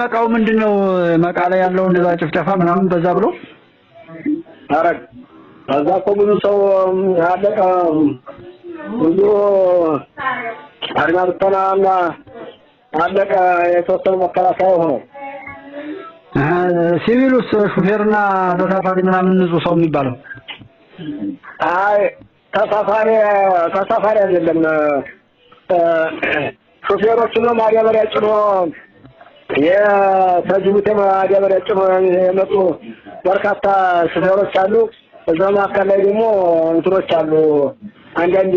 መቃው ምንድን ነው? መቃ ላይ ያለው እንደዛ ጭፍጨፋ ምናምን በዛ ብሎ አረ ከዛ እኮ ብዙ ሰው አለቀ። ብዙ አድማ ብተናና አለቀ። የተወሰኑ መከላከያ ሆነው ሲቪሉስ ሹፌርና ተሳፋሪ ምናምን ንጹህ ሰው የሚባለው አይ ተሳፋሪ ተሳፋሪ አይደለም ሹፌሮቹ ነው ማዳበሪያ ጭኖ ከጅቡቲ ደብረ ጭብ የመጡ በርካታ ሹፌሮች አሉ። እዛ መካከል ላይ ደግሞ እንትኖች አሉ። አንዳንድ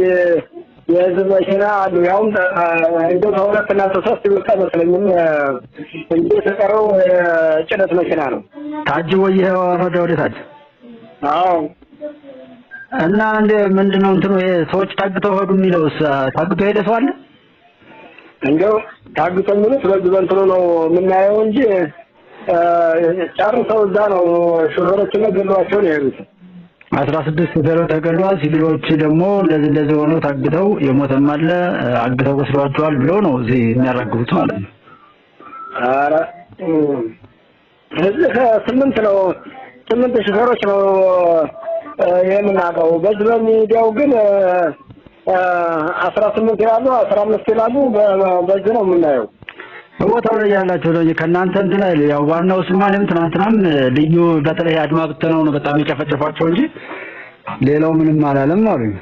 የህዝብ መኪና አሉ። ያውም እንደ ከሁለት እና ሶስት ብልጥ አይመስለኝም። እንጂ የተቀረው የጭነት መኪና ነው ታጅቦ እየወረደ ወደ ታች። አዎ። እና እንደ ምንድን ነው እንትኑ ሰዎች ታግተው ሄዱ የሚለውስ ታግተው ሄደ ሰው አለ እንዲያው ታግቶ የሚሉት በዚህ በእንትኑ ነው የምናየው እንጂ ጨርሰው እዛ ነው ሹፌሮቹ ነው ገሏቸው ነው የሄዱት። አስራ ስድስት ሹፌሮች ተገሏል። ሲቪሎች ደግሞ እንደዚህ እንደዚህ ሆነው ታግተው የሞተም አለ አግተው ወስዷቸዋል ብሎ ነው እዚህ የሚያራግቡት ማለት ነው። አረ እዚህ ስምንት ነው ስምንት ሹፌሮች ነው የምናውቀው። በዚህ በሚዲያው ግን አስራ ስምንት ይላሉ፣ አስራ አምስት ይላሉ። በዚህ ነው የምናየው። በቦታው ላይ ያላቸው ነው ከእናንተ እንትን አይል። ያው ዋናው ስማንም ትናንትናም ልዩ በተለይ አድማ ብተናው ነው በጣም የጨፈጨፏቸው እንጂ ሌላው ምንም አላለም አሉኝ።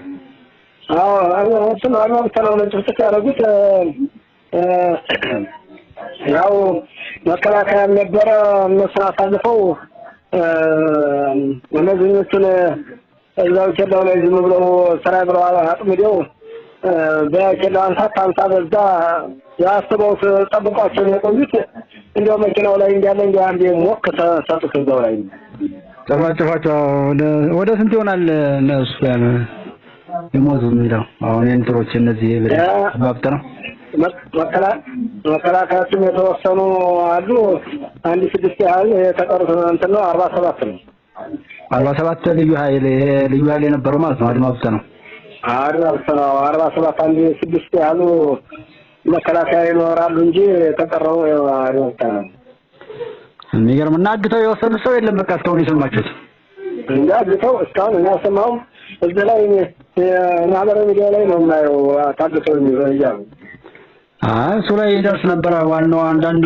አዎ እሱን አድማ ብተናው ነው ጭፍጭፍ ያደረጉት። ያው መከላከያ ነበረ እነሱን አሳልፈው እነዚህኞቹን እዛው ኬላው ላይ ዝም ብለው ስራ ብለው አጥምደው በኬላው አንሳት አንሳ በዛ ያስበው ጠብቋቸው የቆዩት። እንዲያው መኪናው ላይ እንዲያለ እንዲ አንዴ ሞክ ሰጡት። እዛው ላይ ጨፋጨፋቸው። ወደ ስንት ይሆናል እነሱ ያን የሞቱ የሚለው አሁን የንትሮች እነዚህ ብለ ነው መከላከያችን የተወሰኑ አሉ። አንድ ስድስት ያህል የተቀሩት እንትን ነው አርባ ሰባት ነው አርባ ሰባት ልዩ ኃይል ልዩ ኃይል የነበረው ማለት ነው። አድማ ነው አድማ ነው። አርባ ሰባት አንድ ስድስት ያሉ መከላከያ ይኖራሉ እንጂ የተቀረው አድማ ነው። የሚገርም እና አግተው የወሰዱት ሰው የለም። በቃ እስካሁን የሰማችሁት እንደ አግተው እስካሁን እኔ አልሰማሁም። እዚህ ላይ ማህበራዊ ሚዲያ ላይ ነው የማየው ታግተው እያሉ እሱ ላይ ደርስ ነበረ። ዋናው አንዳንድ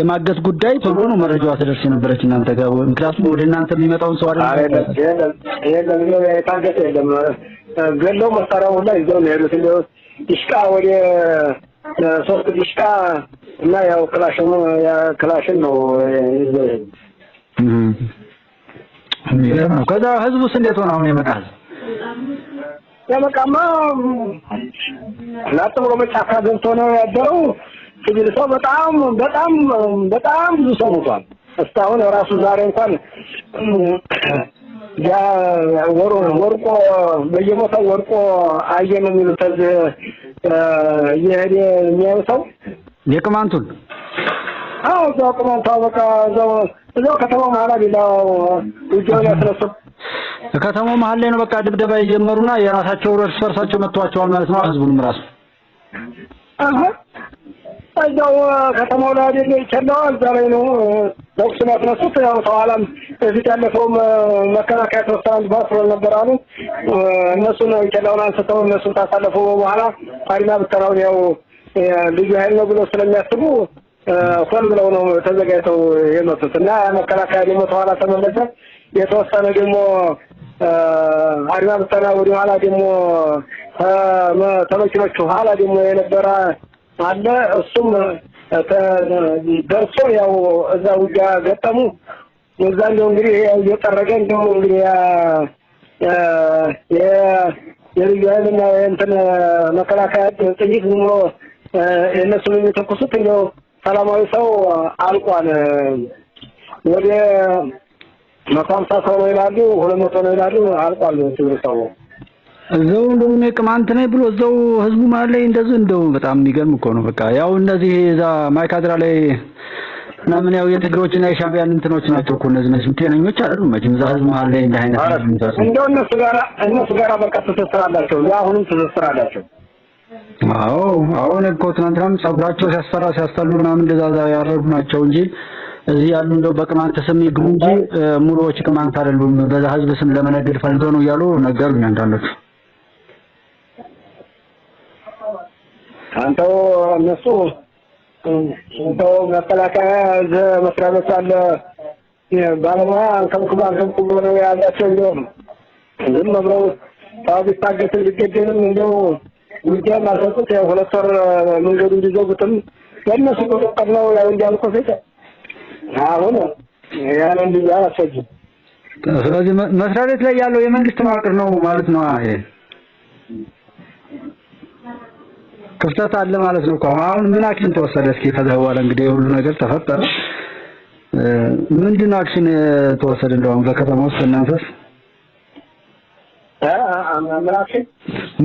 የማገት ጉዳይ ቶሎ ነው መረጃዋ ትደርስ የነበረች እናንተ ጋር። ምክንያቱም ወደ እናንተ የሚመጣውን ሰው አይደለም የለም የታገተ የለም ገለው መሳሪያ ላይ ይዘው ነው ያሉት። እንደው ዲሽቃ ወደ ሶስት ዲሽቃ እና ያው ክላሽን ክላሽን ነው ይዘው ከዛ ህዝቡስ እንዴት ሆነ አሁን የመጣል ያበቃማ ላጥ ብሎ መጫካ ገብቶ ነው ያደረው። ትግል ሰው በጣም በጣም በጣም ብዙ ሰው ሞቷል። እስካሁን ራሱ ዛሬ እንኳን ያ ወርቆ በየቦታው ወርቆ አየ ነው የሚሉት እየሄደ የሚያዩ ሰው የቅማንቱን አዎ፣ እዛው ቅማንቱ በቃ እዛው ከተማ መሀል ሌላ ውጊያውን ያስነሱ ከተማው መሀል ላይ ነው በቃ ድብደባ የጀመሩና የራሳቸው እርስ በርሳቸው መጥቷቸዋል ማለት ነው። ህዝቡንም ራሱ እዛው ከተማው ላይ አይደል ይቻለው እዛ ላይ ነው ተኩስ ያው እዚህ ያለፈውም መከላከያ ተወሰናል ባስሮል ነበር አሉ። እነሱን አንስተው እነሱን በኋላ ብተራውን ያው ልዩ ኃይል ነው ብሎ ስለሚያስቡ ሆን ብለው ነው ተዘጋጅተው የመጡት እና መከላከያ ደግሞ ተኋላ ተመለሰ። የተወሰነ ደግሞ አድማ ብተና ወደ ኋላ ደግሞ ተመኪኖቹ ኋላ ደግሞ የነበረ አለ። እሱም ደርሶ ያው እዛ ውጊያ ገጠሙ። እዛ እንደው እንግዲህ እየጠረገ እንደው እንግዲህ የልዩ ኃይልና የእንትን መከላከያ ጥይት ኖ ብሎ የእነሱን የሚተኩሱት እንደው ሰላማዊ ሰው አልቋል ወደ መቶ ሀምሳ ሰው ነው ይላሉ፣ ሁለት መቶ ነው ይላሉ። አልቋል ሰው እዛው እንደው እኔ ቅማንት ነኝ ብሎ እዛው ህዝቡ መሀል ላይ እንደዚህ እንደው በጣም የሚገርም እኮ ነው። በቃ ያው እነዚህ እዛ ማይካድራ ላይ ምናምን ያው የትግሮችና የሻቢያን እንትኖች ናቸው እኮ እነዚህ ነች ጤነኞች አይደሉም መቼም እዛ ህዝቡ መሀል ላይ እንደ አይነት እንደው እነሱ ጋራ እነሱ ጋራ በቃ ትስስር አላቸው፣ አሁንም ትስስር አላቸው። አዎ አሁን እኮ ትናንትናም ጸጉራቸው ሲያስፈራ ሲያስጠሉ ምናምን እንደዛ ያረጉ ናቸው እንጂ እዚህ ያሉ እንደው በቅማንት ተሰሚ ይግቡ እንጂ ሙሉዎች ቅማንት አይደሉም፣ በዛ ህዝብ ስም ለመነገድ ፈልገው ነው እያሉ ነገሩኝ አንዳንዶቹ። አንተው እነሱ እንተው መከላከያ መስሪያ ቤት አለ ባለሙያ አንከብኩብ አንከብኩብ ነው ያላቸው። እንዲሁም ዝም ብለው ሰው ቢታገት ቢገደልም እንደው ውጊያም አልሰጡት ሁለት ወር መንገዱ እንዲዘጉትም በእነሱ በቁጥር ነው ያው እንዲያልኮ ሴት አሁን ስለዚህ መስሪያ ቤት ላይ ያለው የመንግስት መዋቅር ነው ማለት ነው። አይ ክፍተት አለ ማለት ነው። አሁን ምን አክሽን ተወሰደ? እስኪ ከዛ በኋላ እንግዲህ ሁሉ ነገር ተፈጠረ። ምንድን አክሽን ተወሰደ? እንደውም በከተማ ውስጥ እናንተስ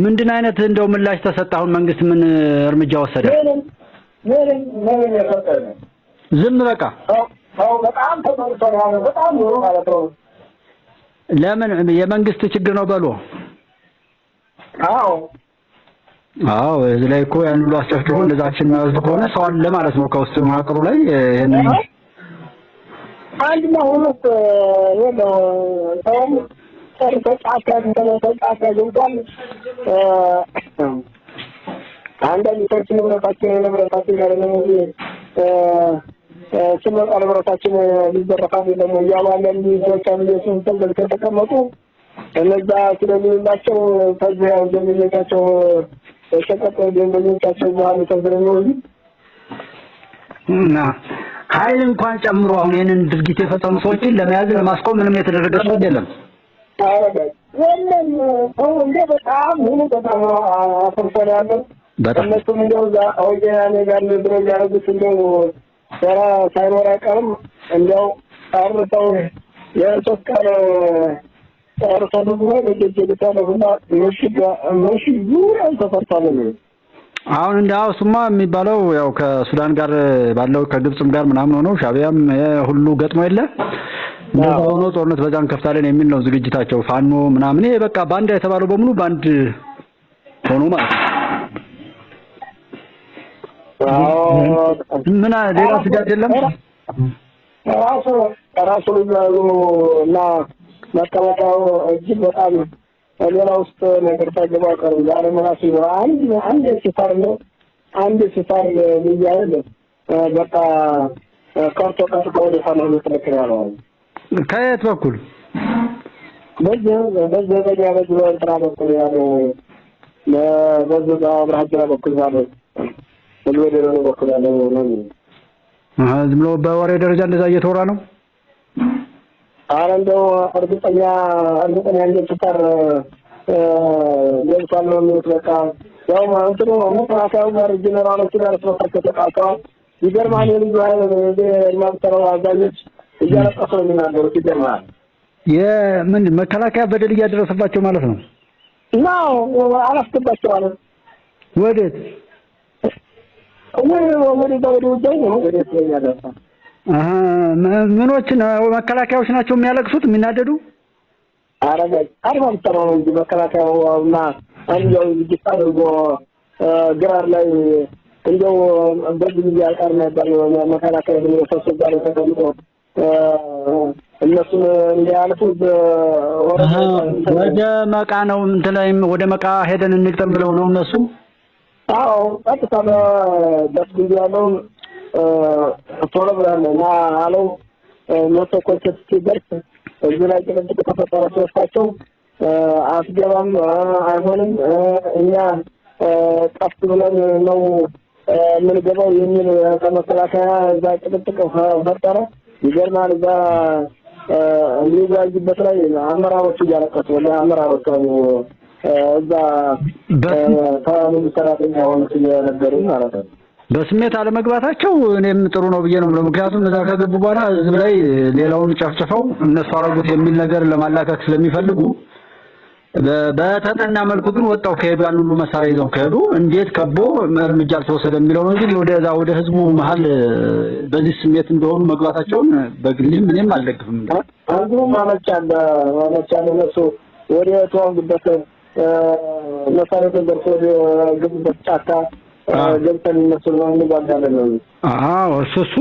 ምንድን አይነት እንደው ምላሽ ተሰጠ? አሁን መንግስት ምን እርምጃ ወሰደ? ዝም በቃ በጣም ተመርቷል። በጣም ማለት ነው። ለምን የመንግስት ችግር ነው በሉ። አዎ አዎ፣ እዚህ ላይ እኮ ያን ሁሉ አስጨፍጭፎ እንደዛችን የሚያወስድ ከሆነ ሰው አለ ማለት ነው። ከውስጥ መዋቅሩ ላይ ይሄን አንድ ነው ሁለት ነው ሰው ተጫካ አንዳንድ ሰዎች ንብረታቸው ንብረታቸው ያለ ነው ስንመጣ ንብረታችን ሊዘረፋ ደግሞ እያማለን ሚዘወቻን እየስንስል በልከን ተቀመጡ እነዛ ስለሚሉላቸው ከዚህ ያው ደንበኞቻቸው ሸቀጥ ደንበኞቻቸው በኋላ ተዝረሚሆ እና ኃይል እንኳን ጨምሮ አሁን ይህንን ድርጊት የፈጸሙ ሰዎችን ለመያዝ ለማስቆም ምንም የተደረገ ሰው አይደለም። እንደ በጣም ሁሉ በጣም አፍርሰን ያለን እነሱም እንደው ዛ አወጀ ያኔ ጋር ድሮ ያደረጉት እንደው ስራ ሳይኖር አይቀርም። እንዲያው አርተው የእንጨት ቃል ጠርቶ ደግሞ በጀጀልታ ነውና ምሽግ ምሽጉ ያልተፈታለ ነው። አሁን እንደ አው የሚባለው ያው ከሱዳን ጋር ባለው ከግብፅም ጋር ምናምን ሆኖ ሻቢያም ሁሉ ገጥሞ የለ እንደዛ ሆኖ ጦርነት በዛ እንከፍታለን የሚል ነው ዝግጅታቸው። ፋኖ ምናምን ይሄ በቃ ባንዳ የተባለው በሙሉ ባንድ ሆኖ ማለት ነው። ምን ሌላ ስጋ ራሱ ራሱ ልዩ ያሉ እና መቀመጫው እጅግ በጣም ሌላ ውስጥ ነገር ታገባ ቀሩ ዛሬ ራሱ አንድ አንድ ነው አንድ ስፋር ልዩ አይደለም በቃ ከርቶ ቀርቶ ወደ ሰማይ ተለክራ ከየት በኩል በዚህ በዚህ በዚህ በዚህ በኩል ያለው በዚህ በአብርሃ በኩል ያለው ዝም ብሎ በወሬ ደረጃ እንደዛ እየተወራ ነው። አረ እንደው እርግጠኛ እርግጠኛ እንደተቀር ገብቷል ነው የሚሉት። በቃ ያው ማለት ነው መከላከያው ጋር ጀነራሎች ጋር ስለፈርከ ተቃቀው ይገርማል። የልዩ ኃይል የማብጠረው አዛዦች እያለቀሱ ነው የሚናገሩት። ይገርማል። የምን መከላከያ በደል እያደረሰባቸው ማለት ነው። ናው አላስገባቸው አለ ወዴት ምኖች መከላከያዎች ናቸው የሚያለቅሱት የሚናደዱ? አርባ ነው እንጂ መከላከያውና እንዲያው ዝግጅት አድርጎ ግራር ላይ እንደው በዚህ ጊዜ አልቃር ነበር መከላከያ ብሎ ሰብሰብ ጋር ተቀምጦ እነሱን እንዲያልፉ ወደ መቃ ነው እንትን ላይ ወደ መቃ ሄደን እንግጠም ብለው ነው እነሱም አዎ ቀጥታ በስ ያለውን ቶሎ እና አለው መቶ ኮንቸት ሲደርስ እዚህ ላይ ጭቅጭቅ ተፈጠረ። ሶስታቸው አስገባም አይሆንም እኛ ቀስ ብለን ነው የምንገባው የሚል ከመከላከያ እዛ ጭቅጭቅ ፈጠረ። ይገርማል እዛ የሚዛጅበት ላይ አመራሮቹ እያለቀሱ አመራሮቹ እዛ ሰራተኛ ሆኑት እየነበሩ ማለት ነው። በስሜት አለመግባታቸው እኔም ጥሩ ነው ብዬ ነው ብለው። ምክንያቱም እዛ ከገቡ በኋላ ህዝብ ላይ ሌላውን ጨፍጭፈው እነሱ አረጉት የሚል ነገር ለማላከት ስለሚፈልጉ በተጠና መልኩ ግን ወጣው ከሄዱ ያን ሁሉ መሳሪያ ይዘው ከሄዱ እንዴት ከቦ እርምጃ አልተወሰደ የሚለው ነው። ግን ወደዛ ወደ ህዝቡ መሀል በዚህ ስሜት እንደሆኑ መግባታቸውን በግልም እኔም አልደግፍም። አንዱም አመጫለ አመጫለ ነሱ ወደ ተዋንግበት መሰረቱ ደርሶ ግቡበት ጫካ ገብተን እነሱን እንዋጋለን። እሱ እሱ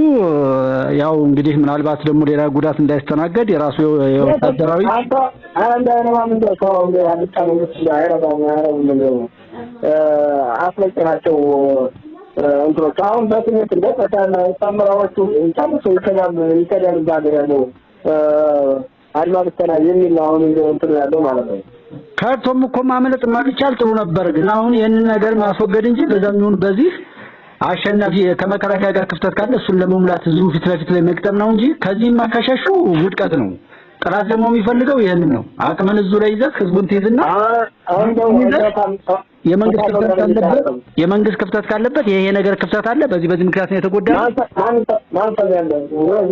ያው እንግዲህ ምናልባት ደግሞ ሌላ ጉዳት እንዳይስተናገድ የራሱ የወታደራዊ ናቸው እንትኖች አሁን በስሜት እንደጠታና ሳምራዎቹ ጨርሶ ይከዳል ይከዳል ባገር ያለው አድማ ብተና የሚል አሁን እንትን ያለው ማለት ነው። ከቶም እኮ ማምለጥ ማልቻል ጥሩ ነበር፣ ግን አሁን ይህንን ነገር ማስወገድ እንጂ በዛም በዚህ አሸናፊ ከመከላከያ ጋር ክፍተት ካለ እሱን ለመሙላት ህዝቡ ፊት ለፊት ላይ መግጠም ነው እንጂ ከዚህ ከሸሹ ውድቀት ነው። ጥራት ደግሞ የሚፈልገው ይህንን ነው። አቅምን እዙ ላይ ይዘህ ህዝቡን ትይዝና የመንግስት ክፍተት ካለበት የመንግስት ክፍተት ካለበት ይሄ ነገር ክፍተት አለ፣ በዚህ በዚህ ምክንያት ነው የተጎዳ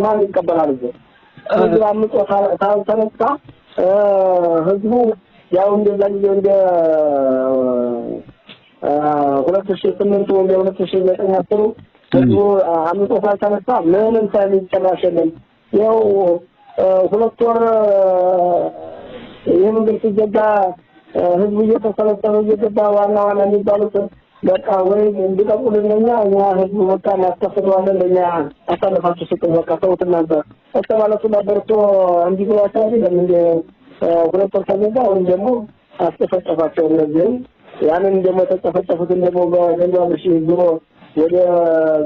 ማን ይቀበላል? ህዝቡ ያው እንደዛ ጊዜ እንደ ሁለት ሺ ስምንቱ እንደ ሁለት ሺ ዘጠኝ አስሩ ህዝቡ አምጦ ካልተነሳ ምንም ሳይል ጨራሽ የለም። ያው ሁለት ወር ይህ መንገድ ሲዘጋ ህዝቡ እየተሰለሰበ እየገባ ዋና ዋና የሚባሉት በቃ ወይ እንዲጠቁልን እኛ እኛ ህዝቡ በቃ እናስከፍለዋለን ለእኛ አሳልፋችሁ ስጡን በቃ ተውት እናንተ እስከ ማለቱ ነበር እኮ እንዲህ ብሏቸው አይደለም እንደ ሁለት ወር ከሞላ አሁን ደግሞ አስጨፈጨፋቸው እነዚህም ያንን ደግሞ የተጨፈጨፉትን ደግሞ በገንዘብ ሺ ዞሮ ወደ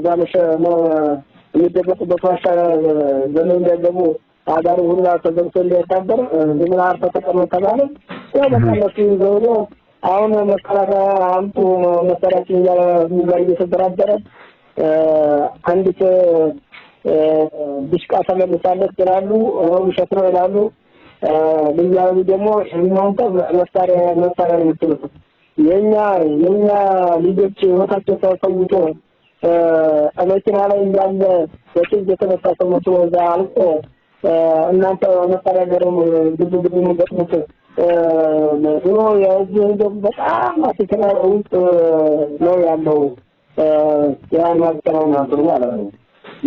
ዛመሸ የሚደበቁበት ዋሻ ዘመን እንዳይገቡ አዳሩ ሁላ ተዘግቶ እንዳይታበር ዝምና አርፈ ተቀመጥ ተባለ። ያው በቃ እነሱ ዘውሎ አሁን መከላከያ አምጡ መሳሪያችን እያለ እየተደራደረ አንዲት ድሽቃ ተመልሳለት ይላሉ፣ ውሸት ነው ይላሉ። ልያዊ ደግሞ እናንተ መሳሪያ መሳሪያ ነው የምትሉት። የኛ የኛ ልጆች ህይወታቸው ተፈውቶ መኪና ላይ እንዳለ በጭዝ የተነሳ ሰው መቶ እዛ አልቆ እናንተ መሳሪያ ገረም ግብ ግብ የሚገጥሙት ብሎ የህዝብ ደግሞ በጣም አስቸጋሪ ውስጥ ነው ያለው። ያን ማስቀረው ናቸው ማለት ነው።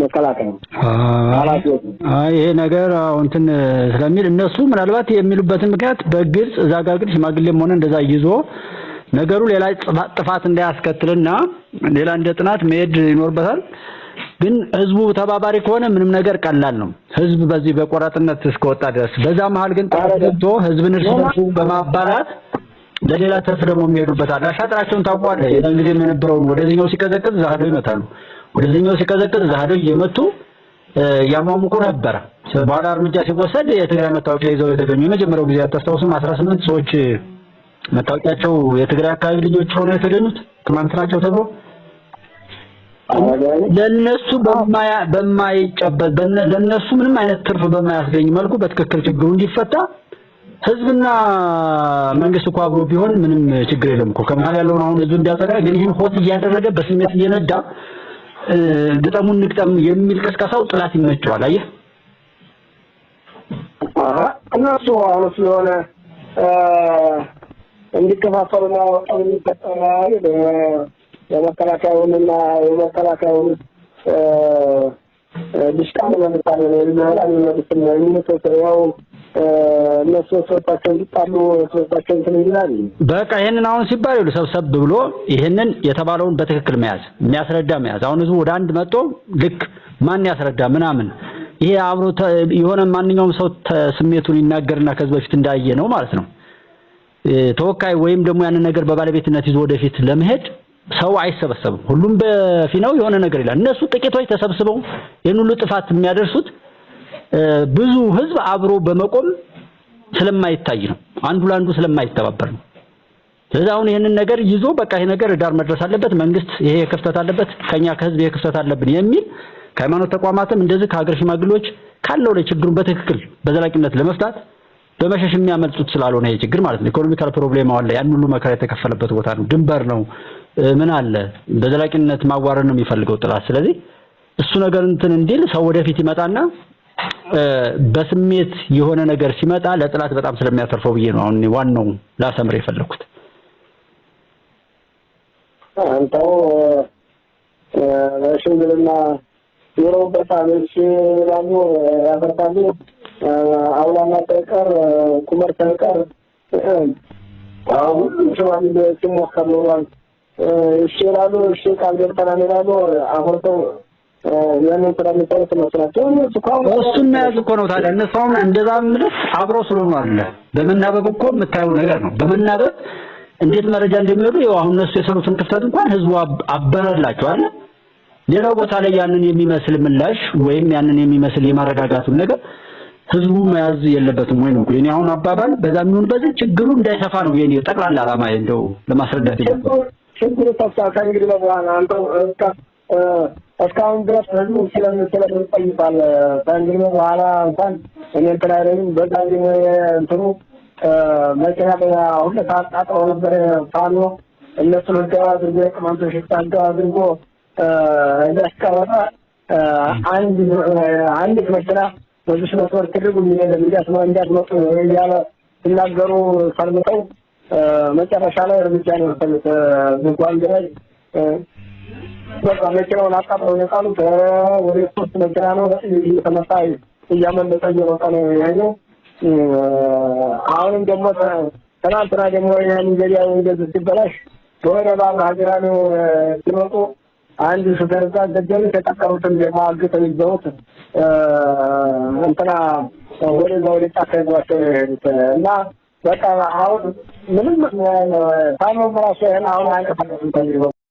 መከላከያ ይሄ ነገር እንትን ስለሚል እነሱ ምናልባት የሚሉበትን ምክንያት በግልጽ እዛ ጋር ግን ሽማግሌም ሆነ እንደዛ ይዞ ነገሩ ሌላ ጥፋት እንዳያስከትልና ሌላ እንደ ጥናት መሄድ ይኖርበታል። ግን ህዝቡ ተባባሪ ከሆነ ምንም ነገር ቀላል ነው። ህዝብ በዚህ በቆራጥነት እስከወጣ ድረስ በዛ መሀል ግን ጣረ ገብቶ ህዝብን እርስ በርሱ በማባላት ለሌላ ተርፍ ደግሞ የሚሄዱበታል። አሻጥራቸውን ታውቋል። የዛን ጊዜ የነበረውን ወደዚህኛው ሲቀዘቅዝ ዛሬ ይመታሉ። ወደዚህኛው ሲቀዘቅዝ ዛህዶ እየመቱ ያሟሙቁ ነበረ። በኋላ እርምጃ ሲወሰድ የትግራይ መታወቂያ ይዘው የተገኙ የመጀመሪያው ጊዜ አታስታውስም? አስራ ስምንት ሰዎች መታወቂያቸው የትግራይ አካባቢ ልጆች ሆነው የተገኙት ቅማንት ናቸው ተብሎ ለነሱ በማይጨበጥ ለነሱ ምንም አይነት ትርፍ በማያስገኝ መልኩ በትክክል ችግሩ እንዲፈታ ህዝብና መንግስት እኮ አብሮ ቢሆን ምንም ችግር የለም እኮ ከመሀል ያለውን አሁን ህዝብ እንዲያጸዳ፣ ግን ይህን ሆት እያደረገ በስሜት እየነዳ ግጠሙን ንግጠም የሚል ቅስቀሳው ጥላት ይመቸዋል። አየህ እነሱ አሁን ስለሆነ እንዲከፋፈሉና ወጣው የሚፈጠራ የመከላከያውንና የመከላከያውን ድሽቃ ለምሳሌ ነው የሚመጡት ነው የሚመጡት ያው እነሱ ሰባቸው እንዲጣሉ ሰባቸው እንትን ይላል። በቃ ይህንን አሁን ሲባል ይሉ ሰብሰብ ብሎ ይህንን የተባለውን በትክክል መያዝ የሚያስረዳ መያዝ። አሁን ህዝቡ ወደ አንድ መጥቶ ልክ ማን ያስረዳ ምናምን ይሄ አብሮ የሆነ ማንኛውም ሰው ስሜቱን ይናገርና ከዚህ በፊት እንዳየ ነው ማለት ነው። ተወካይ ወይም ደግሞ ያንን ነገር በባለቤትነት ይዞ ወደፊት ለመሄድ ሰው አይሰበሰብም። ሁሉም በፊናው የሆነ ነገር ይላል። እነሱ ጥቂቶች ተሰብስበው ይህን ሁሉ ጥፋት የሚያደርሱት ብዙ ህዝብ አብሮ በመቆም ስለማይታይ ነው። አንዱ ለአንዱ ስለማይተባበር ነው። ስለዚህ አሁን ይህንን ነገር ይዞ በቃ ይሄ ነገር ዳር መድረስ አለበት፣ መንግስት ይሄ ክፍተት አለበት፣ ከኛ ከህዝብ ይሄ ክፍተት አለብን የሚል ከሃይማኖት ተቋማትም እንደዚህ ከሀገር ሽማግሌዎች ካለው ላይ ችግሩን በትክክል በዘላቂነት ለመፍታት በመሸሽ የሚያመልጡት ስላልሆነ ይሄ ችግር ማለት ነው። ኢኮኖሚካል ፕሮብሌም አለ። ያን ሁሉ መከራ የተከፈለበት ቦታ ነው፣ ድንበር ነው፣ ምን አለ። በዘላቂነት ማዋረድ ነው የሚፈልገው ጥላት። ስለዚህ እሱ ነገር እንትን እንዲል ሰው ወደፊት ይመጣና በስሜት የሆነ ነገር ሲመጣ ለጥላት በጣም ስለሚያተርፈው ብዬ ነው አሁን ዋናው ላሰምር የፈለኩት። አንተው ሽምግልና ኑሮበት አመች ላሉ ያፈርታሉ። አውላና ሳይቀር ኩመር ሳይቀር አሁን ሽማግሌዎችም ሞከር ኖሯል። እሺ ይላሉ። እሺ ቃል ገብተናል ይላሉ። አፍርተው ያንን ስራ የሚሰሩት እነሱ ናቸው። እሱን መያዝ እኮ ነው ታዲያ። እነሱ አሁን እንደዛ የምልህ አብሮ ስለሆኑ አለ በመናበብ እኮ የምታየው ነገር ነው። በመናበብ እንዴት መረጃ እንደሚወዱ ይኸው አሁን እነሱ የሰሩትን ክፍተት እንኳን ህዝቡ አበረላቸው አለ። ሌላው ቦታ ላይ ያንን የሚመስል ምላሽ ወይም ያንን የሚመስል የማረጋጋቱን ነገር ህዝቡ መያዝ የለበትም ወይ ነው የኔ አሁን አባባል። በዛ የሚሆን በዚህ ችግሩ እንዳይሰፋ ነው የኔ ጠቅላላ አላማ እንደው ለማስረዳት ይገባል። ችግሩ ተፍታ ከእንግዲህ በኋላ አንተው እስካሁን ድረስ ህዝቡ ስለምስለምን ይጠይቃል። ከእንግዲህ በኋላ እንኳን እኔ እንትን አይለኝም። በዛ እንግዲህ እንትኑ መኪና ሁሉ ታጣጥሮ ነበር ፋኖ እነሱ ህጋዊ አድርጎ የቅማንቶች ህጋዊ አድርጎ እንዳስቀረጠ አንድ አንዲት መኪና በዚህ መስመር ስርዓት ትልቁ የሚሄደም እንዲያስመጡ እያለ ሲናገሩ ሰልምጠው መጨረሻ ላይ እርምጃ ነው ሰልት ዝጓንግ ላይ በቃ መኪናውን አቃጥለው የጣሉ ወደ ሶስት መኪና ነው ተመታ እያመለጠ እየሮጠ ነው ያየው። አሁንም ደግሞ ትናንትና ደግሞ የኒጀሪያ ወንጀል ሲበላሽ በሆነ ባብ ሀገራ ነው ሲመጡ አንድ ሹፌርዛ ገደሉ። የተጠቀሩትን ደግሞ አግተው ይዘውት እንትና ወደዛ ወደ ጫካ ይዟቸው ነው የሄዱት እና በቃ አሁን ምንም ሳኖ ራሱ ይህን አሁን አንቀሳቀስም ከሚለው